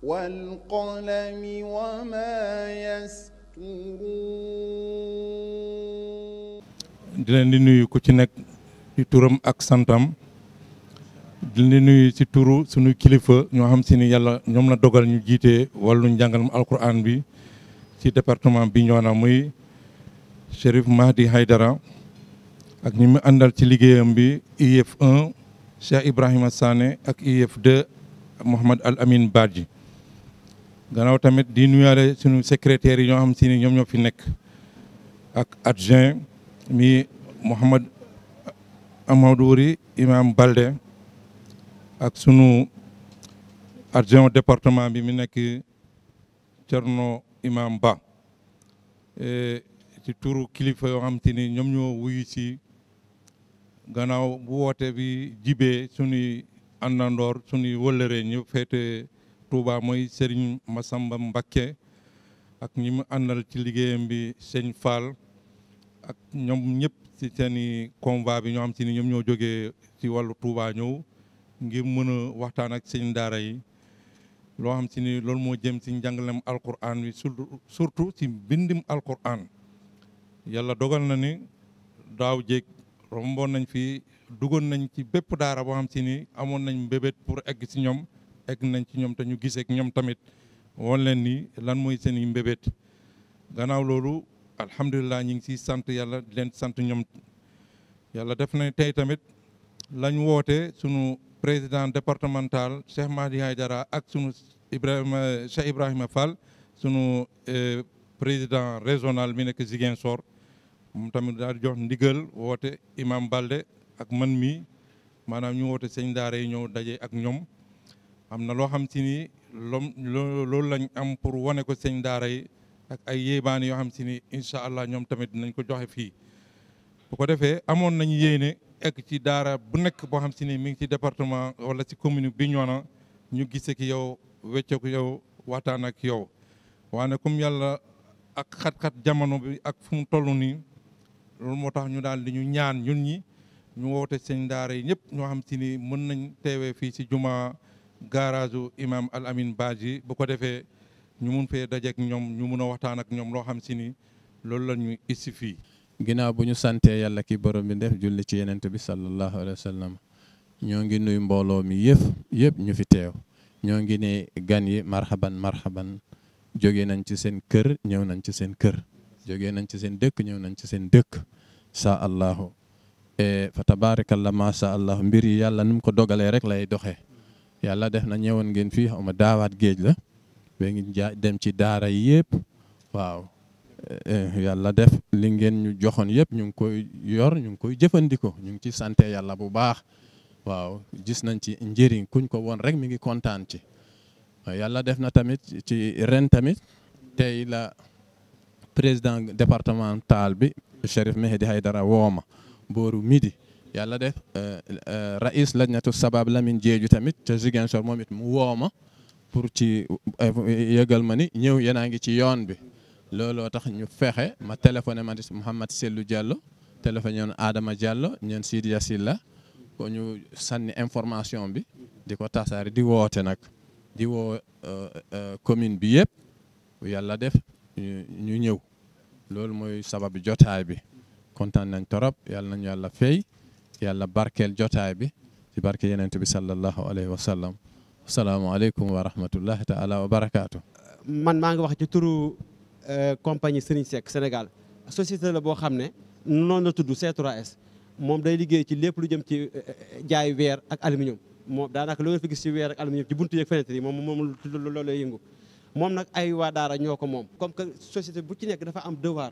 والقلم وما يسطرون di leen di nuyu ku ci nekk ci turam ak santam di di nuyu ci turu sunu kilifa ñoo xam si ni yàlla ñoom la dogal ñu jiite wàllu njàngalam alquran bi ci département bi Bignona muy Chérif Mahdi Haydara ak ñi àndal ci liggéeyam bi IEF Cheikh Ibrahima Sané ak IF2 Mouhamad Al Amin Badji gannaaw tamit di nuyaale suñu secrétaire yi ñoo xam si ni ñoom ñoo fi nekk ak adjoint mi Mouhamad Amadouri Imam Balde ak sunu adjoint au département bi mi nekk Thierno Imam Ba ci turu kilifa yoo xam te ni ñoom ñoo wuyu si gannaaw bu woote bi jibee suñuy àndandoor suñuy wëllëree ñu féete Touba mooy Serigne Massamba Mbacké ak ñi mu àndal ci liggéeyam bi Sëñ Fall ak ñoom ñëpp ci seeni i bi ñoo xam si ni ñoom ñoo jógee ci wàllu Touba ñëw ngir mën a waxtaan ak seen daara yi loo xam si ni loolu moo jëm si njàngalem alquran bi surtout si mbindum alquran yàlla dogal na ni daaw jéeg romboon nañ fi duggoon nañ ci bépp daara boo xam si ni amoon nañ mbébét pour egg si ñoom egg nañ ci ñoom te ñu ñoom tamit woon leen ni lan mooy seen i mbébét gannaaw loolu alhamdulilah ñu ngi siy sant yàlla leen sant ñoom yàlla def na tey tamit lañ woote sunu président départemental Cheikh Mahdi dara ak sunu Ibrahima Cheikh Ibrahima Fall sunu eh, président régional mi nekk Ziguinchor moom tamit daal di jox ndigal woote imam Balde ak man mii maanaam ñu woote sëñ daara yi ñëw daje ak ñoom am na loo xam si ni lom loolu lañ am pour wane ko sëñ daara yi ak ay yéebaan yoo xam si ni incha allah ñoom tamit nañ ko joxe fii. bu ko defee amoon nañ yéene ek ci daara bu nekk boo xam si ni mi ngi ci département wala ci commune bi Bignona ñu gisee ki yow wecceeku yow waxtaan ak yow waane comme yàlla ak xat-xat jamono bi ak fu mu toll nii. loolu moo tax ñu daal di ñu ñaan ñun ñi ñu woote seen daara yi ñëpp ñoo xam si ni mën nañ teewee fii si jumaa garage imaam al amin Badji bu ko defee ñu mun fee dajeek ñoom ñu mun a waxtaan ak ñoom loo xam si ni loolu lañu ñu issi fii. ginnaaw bu ñu santee yàlla ki borom bi def julli ci yenent bi sallallahu alayhi wa sallam ñoo ngi nuy mbooloo mi yëpp yëpp ñu fi teew ñoo ngi ne gan yi marhaban marhaban jóge nañ ci seen kër ñëw nañ ci seen kër. jógee nañ ci seen dëkk ñëw nañ ci seen dëkk saa allahu e, fa tabaarakallah ma sha allah mbir yi yàlla nu ko dogalee rek lay doxe yàlla def na ñëwoon ngeen fii xaw daawaat géej la ba ngi dem ci daara yi yëpp waaw e, yàlla def li ngeen ñu joxoon yëpp ñu ngi koy yor ñu ngi koy jëfandikoo ñu ngi ci sante yàlla bu baax waaw gis nañ ci njëriñ kuñ ko woon rek mi ngi kontaan ci yàlla def na tamit ci ren tamit tey la président départemental bi Chérif Mehdi Haydara wooma booru midi yàlla def euh, euh, raïs lajnatu sabab Lamine Diédhiou tamit te Ziguinchor moom it mu wooma pour ci euh, yëgal ma ni ñëw yéen a ngi ci yoon bi looloo tax ñu fexe ma téléphone ma Mouhamed Sellou Diallo téléphoné woon Adama Diallo ñeen Sidia Silla ko ñu sànni information bi di ko tasaare di woote nag di woo commune bi yëpp yàlla def ñu ñëw loolu mooy sababu jotaay bi kontaan nañ torop yàlla nañu yàlla fay yàlla barkeel jotaay bi ci barke yenent bi sallallahu alayhi wa sallam asalaamaaleykum wa rahmatullahi taala wa barakaatu. man maa ngi wax ci turu euh, compagnie Serigne Seck Sénégal société la boo xam ne noonu la tudd c moom day liggéey ci lépp lu jëm ci euh, jaay weer ak aluminium moom daanaka loo nga fi gis weer ak aluminium ci buntu yeeg fenêtre yi moom moom loolu lay yëngu. moom nag ay waa daara ñoo ko moom comme que société bu ci nekk dafa am devoir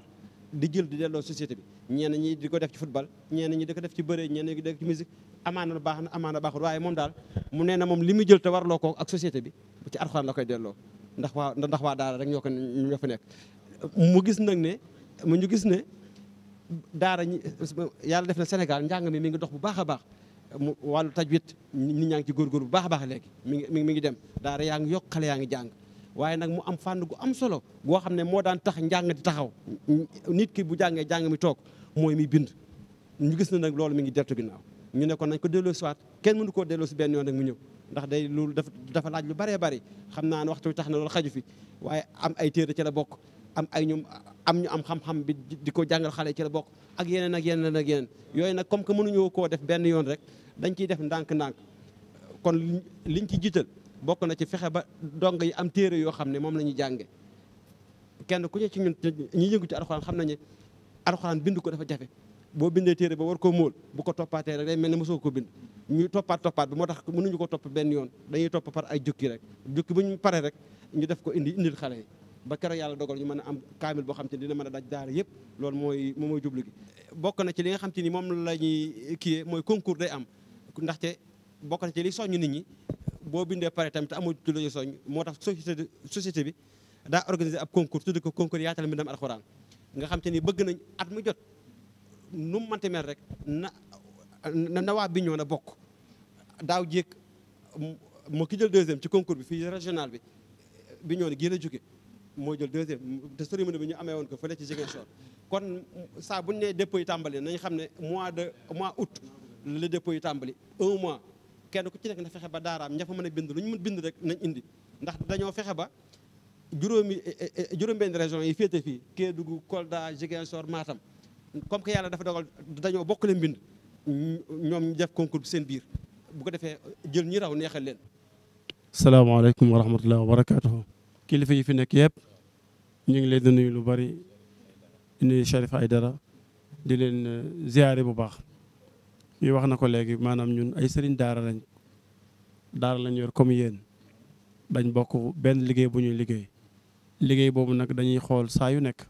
di jël di delloo société bi ñenn ñi di ko def ci football ñeena ñi di ko def ci bëre ñenn ñi di ko def ci musique amaana baax na amaana baaxul waaye moom daal mu nee na moom li muy jël te warloo ko ak société bi ci alxuraan la koy delloo ndax waa ndax waa daara rek ñoo ko ñoo fa nekk mu gis nag ne mu ñu gis ne daara ñi yàlla def Sénégal njàng mi mi ngi dox bu baax a baax mu wàllu tajwid nit ñaa ngi ci góorgóor bu baax baax léegi mi ngi mi ngi dem daara yaa ngi yokk yaa ngi jàng waaye nag mu am fànn gu am solo goo xam ne moo daan tax njàng di taxaw nit ki bu jàngee jàng mi toog mooy mi bind ñu gis na nag loolu mi ngi dertu ginnaaw ñu ne kon nañ ko delloo si waat kenn mënu benn yoon rek mu ñëw ndax day loolu dafa laaj lu bëree bëri xam naa ne waxtu tax na loolu xaju fi waaye am ay téere ci la bokk am ay ñu am ñu am xam bi di ko jàngal xale ci la bokk ak yeneen ak yeneen ak yeneen yooyu nag comme que mënuñoo koo def benn yoon rek dañ ciy def ndànk-ndànk kon liñ ci jiital bokk na ci fexe ba dong yi am téere yoo xam ne moom la ñuy jànge kenn ku ne ci ñun ñi yëngu ci alxuraan xam nañu ne bind ko dafa jafe boo bindee téere ba war koo móol bu ko toppaatee rek day mel ne mosoo ko bind ñu toppaat toppaat bi moo tax mënuñu ko topp benn yoon dañuy topp par ay jukki rek jukki bu ñu paree rek ñu def ko indi indil xale ba keroog yàlla dogal ñu mën a am kaamil boo xam te ni mën a daj daara yëpp loolu mooy moom mooy jublu bokk na ci li nga xam te ni moom la ñuy kiyee mooy concours day am ndaxte bokk na ci li soññ nit ñi boo bindee pare tamit amul lu la soñ moo tax société société bi daa organiser ab concours tudd ko concours yaatal mbindam alxuraan nga xam te ni bëgg nañ at mu jot nu mu mënti mel rek na na waa bi ñoo na bokk daaw jéeg moo ki jël deuxième ci concours bi fii régional bi bi ñoo ne gën a jóge moo jël deuxième te cérémonie bi ñu amee woon ko fële ci Ziguinchor kon saa bu ñu nee dépôt yi tàmbali nañ xam ne mois de mois août la dépôt yi tàmbali au mois kenn ku ci nekk na fexe ba daaraam ña fa mën a bind lu ñu mën bind rek nañ indi ndax dañoo fexe ba juróomi eh, eh, eh, juróom-benn région yi féete fii Kédougou Kolda Ziguinchor maatam comme que yàlla dafa dogal dañoo bokk leen bind ñoom ñu def bi seen biir bu ko defee jël ñi raw neexal leen. salaamaaleykum wa rahmatulah wa barakaatuhu. kilifa yi fi nekk yëpp ñu ngi leen di nuyu lu bari nuyu Cherif dara di leen ziare bu baax. ñuy wax na ko léegi maanaam ñun ay sëriñ daara lañ daara lañu yor comme yéen dañ bokk benn liggéey bu ñuy liggéey liggéey boobu nag dañuy xool saa yu nekk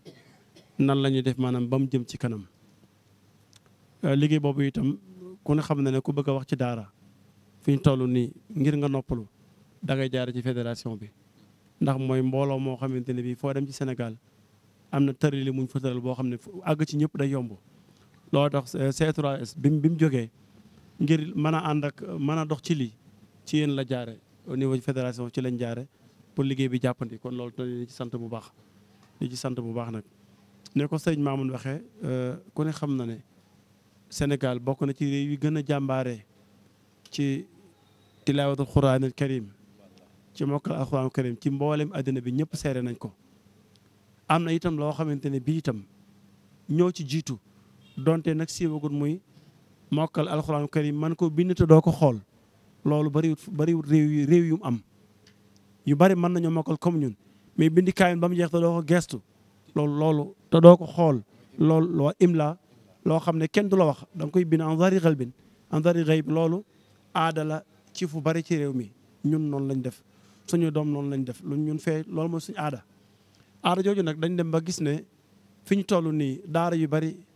nan la ñuy def maanaam ba mu jëm ci kanam euh, liggéey boobu itam ku ne xam na ne ku bëgg a wax ci daara fi ñu toll nii ngir nga noppalu dangay ngay jaar ci fédération bi ndax mooy mbooloo moo xamante ne bii foo dem ci Sénégal am na tërali muñ fa boo xam ne fu àgg ci ñëpp day yomb loo tax c bi mu jógee ngir mën a ànd ak mën a dox ci lii ci yéen la jaare au fédération ci lañ jaare pour liggéey bi jàppandi kon loolu dañu ci sant bu baax di ci sant bu baax nag. ne ko sëñ Mamoun waxee eh, ku xam na ne Sénégal bokk na ci gën a jàmbaare ci tilaawatul xuraanil karim ci mokkal alxuraan karim ci mboolem àddina bi ñëpp seere nañ ko. am na itam loo xamante ne bii itam ñoo ci jiitu. donte nag siiwagul muy mokkal alxuraan karim man ko bind te doo ko xool loolu bariwut bariwut réew réew yu mu am yu bari mën nañoo mokkal comme ñun mais bindi kaamin ba mu jeex te doo ko gestu loolu loolu te doo ko xool loolu loo imla loo xam ne kenn du la wax da nga koy bind en zari xalbin en zari xayb loolu aadala ci fu bari ci réew mi ñun noonu lañ def suñu doom noonu lañ def lu ñun fee loolu mooy suñu aada aada jooju nag dañ dem ba gis ne fi ñu toll nii daara yu bari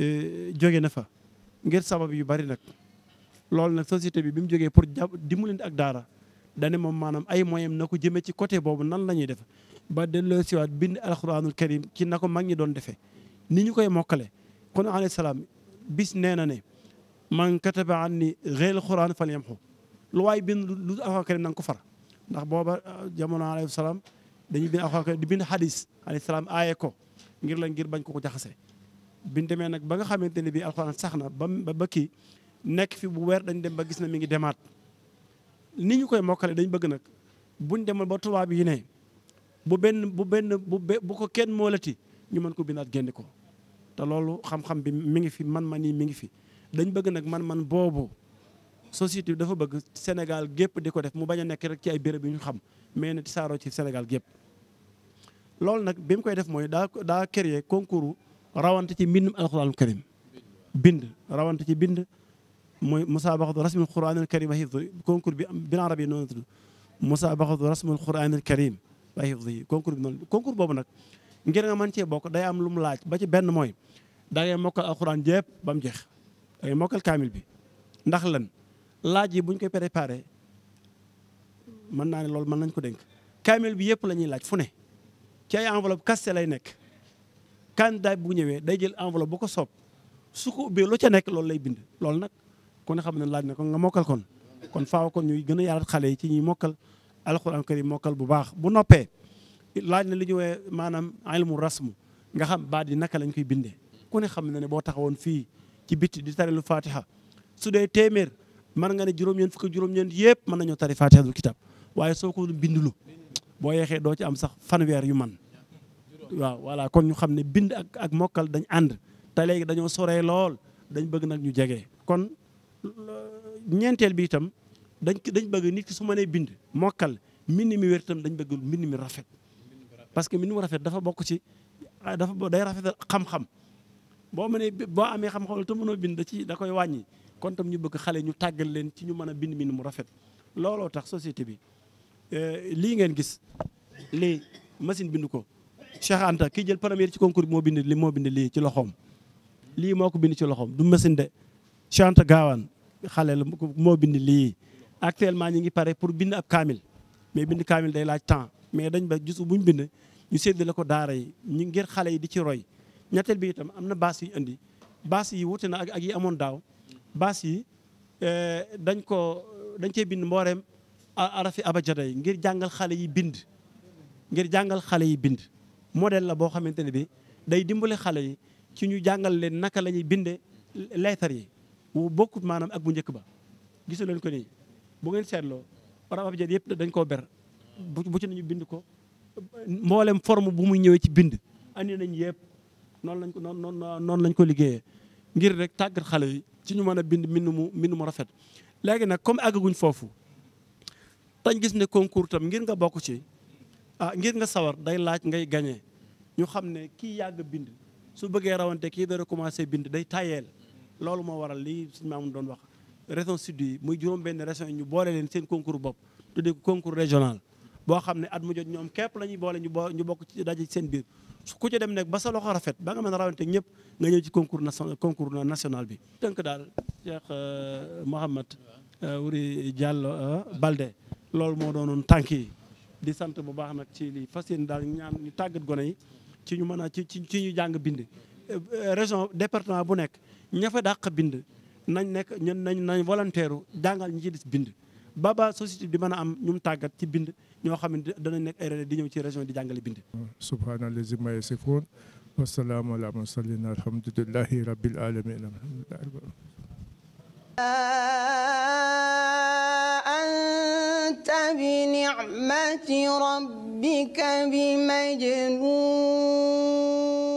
Eh, jóge na fa ngir sabab yu bari nag loolu nag société bi bi mu jógee pour jàpp dimbalante ak daara dane moom maanaam ay moyens na ko jëmee ci côté boobu nan la ñuy def ba delloo siwaat bind alxuraanul karim ki na ko mag ñi doon defee ni ñu koy mokkale kon alayhi salaam bis nee na ne man kataba an ni réel xuraan fal yamxu lu waay bind lu alxuraan karim na ko far ndax booba ah, jamono alayhi salaam dañuy bind alxuraan karim di bind xadis alayhi salaam aaye ko ngir la ngir bañ ko ko jaxase biñ demee nag ba nga xamante ne bii alxuraan sax na ba ba kii nekk fi bu weer dañ dem ba gis na mi ngi demaat ni ñu koy mokkale dañ bëgg nag buñ demal ba tubaab yi ne bu benn bu benn bu bu ko kenn moolati ñu mën ko bindaat génne ko te loolu xam-xam bi mi ngi fi man-man yi mi ngi fi dañ bëgg nag man-man boobu société bi dafa bëgg Sénégal gépp di ko def mu bañ a nekk rek ci ay béréb yu ñu xam mais ne saaroo ci Sénégal gépp loolu nag bi mu koy def mooy daa daa créer concours rawante ci mbindum alquranul karim bind rawante ci bind mooy musaabaxatu rasmil quranil karim wa hifdihi concours bi bil arabi noonu tudd musaabaxatu rasmil quranil karim wa hifdihi concours bi noonu concours boobu nag ngir man mën cee bokk day am lu mu laaj ba ci benn mooy da ngay mokkal alquran jépp ba mu jeex da ngay mokkal kaamil bi ndax lan laaj yi buñ ñu koy préparé mën naa ne loolu mën nañ ko denk kaamil bi yëpp la ñuy laaj fu ne ci ay enveloppe kaste lay nekk candidat bu ñëwee day jël enveloppe boo ko soob su ko ubbee lu ca nekk loolu lay bind loolu nag kon ne xam ne laaj na ko nga mokkal kon kon faaw kon ñuy gën a yaarat xale yi ci ñuy mokkal alxuraan karim mokkal bu baax bu noppee laaj na li ñu woowe maanaam ilmu rasmu nga xam baat yi naka lañ koy bindee ku ne xam ne ne boo taxawoon fii ci bitti di tari lu fatiha su dee téeméer mën nga ne juróom ñeen fukk juróom-ñeent yëpp mën nañoo tari fatiha dul kitab waaye soo ko bindulu boo yeexee doo ci am sax fanweer yu man waaw voilà kon ñu xam ne bind ak ak mokkal dañ ànd te léegi dañoo soree lool dañ bëgg nag ñu jege kon euh, ñeenteel bi itam dañ dañ bëgg nit ki su mënee bind mokkal mbind mi wér itam dañ bëgg mbind mi rafet parce que mbind mu rafet dafa bokk ci ah, dafa day rafetal xam-xam boo mënee boo amee xam-xam te mënoo bind da ci da koy wàññi kon tam ñu bëgg xale ñu tàggal leen ci ñu mën a bind mbind mu rafet looloo tax société bi euh, lii ngeen gis lii machine bind ko Cheikh Anta ki jël premier ci concours bi moo bind li moo bind lii ci loxoom lii moo ko bind ci loxoom du machine de Cheikh Anta Gaawaan xale la moo bind lii actuellement ñi ngi pare pour bind ab kaamil mais bind kaamil day laaj temps mais dañ ba gis buñ bind ñu séddale ko daara yi ñu ngir xale yi di ci roy ñetteel bi itam am na baas yu indi baas yi wute na ak ak yi amoon daaw baas yi euh, dañ ko dañ cee bind mbooreem arafi abajada yi ngir jàngal xale yi bind ngir jàngal xale yi bind model la boo xamante ne bi day dimbale xale yi ci ñu jàngal leen naka la ñuy binde leetar yi wu bokkut maanaam ak bu njëkk ba gisa leen ko nii bu ngeen seetloo arab abjad yëpp dañ koo ber bu nañu bind ko mboolem forme bu muy ñëwee ci bind andi nañ yëpp noonu lañ ko noonu noonu noonu lañ ko liggéeyee ngir rek tàggat xale yi ci ñu mën a bind mbind mu mbind mu rafet léegi nag comme àggaguñ foofu tañ gis ne concours tam ngir nga bokk ci ah ngir nga sawar day laaj ngay gagné ñu xam ne kii yàgg bind su bëggee rawante kii dara commencé bind day tayeel loolu moo waral lii suñu maam doon wax région sud yi muy juróom-benn région yi ñu boole leen seen concours bopp tuddee ko concours régional boo xam ne at mu jot ñoom képp la ñuy boole ñu ñu bokk ci daje seen biir ku ci dem nekk ba sa loxo rafet ba nga mën a rawante ñëpp nga ñëw ci concours national concours national bi. tënk daal Cheikh euh, Mouhamed euh, Wuri Diallo euh, Balde loolu moo doonoon tànk yi di sant bu baax nag ci lii fas yéene daal ñaan ñu tàggat gone yi. ci ñu mën a ci ci ñu jàng bind. Euh, région département bu nekk ña fa bind nañ nekk ñun nañ nañ volontaire jàngal ñi ci des bind. baba société di mën a am ñu mu tàggat ci bind ñoo xam ne danañ nekk ay relais di ñëw ci région di jàngale bind. subhaanallazi ma yasifuun wa salaamun alal mursaliin alhamdulillahi rabbil aalamiin أنت بنعمة ربك بمجنون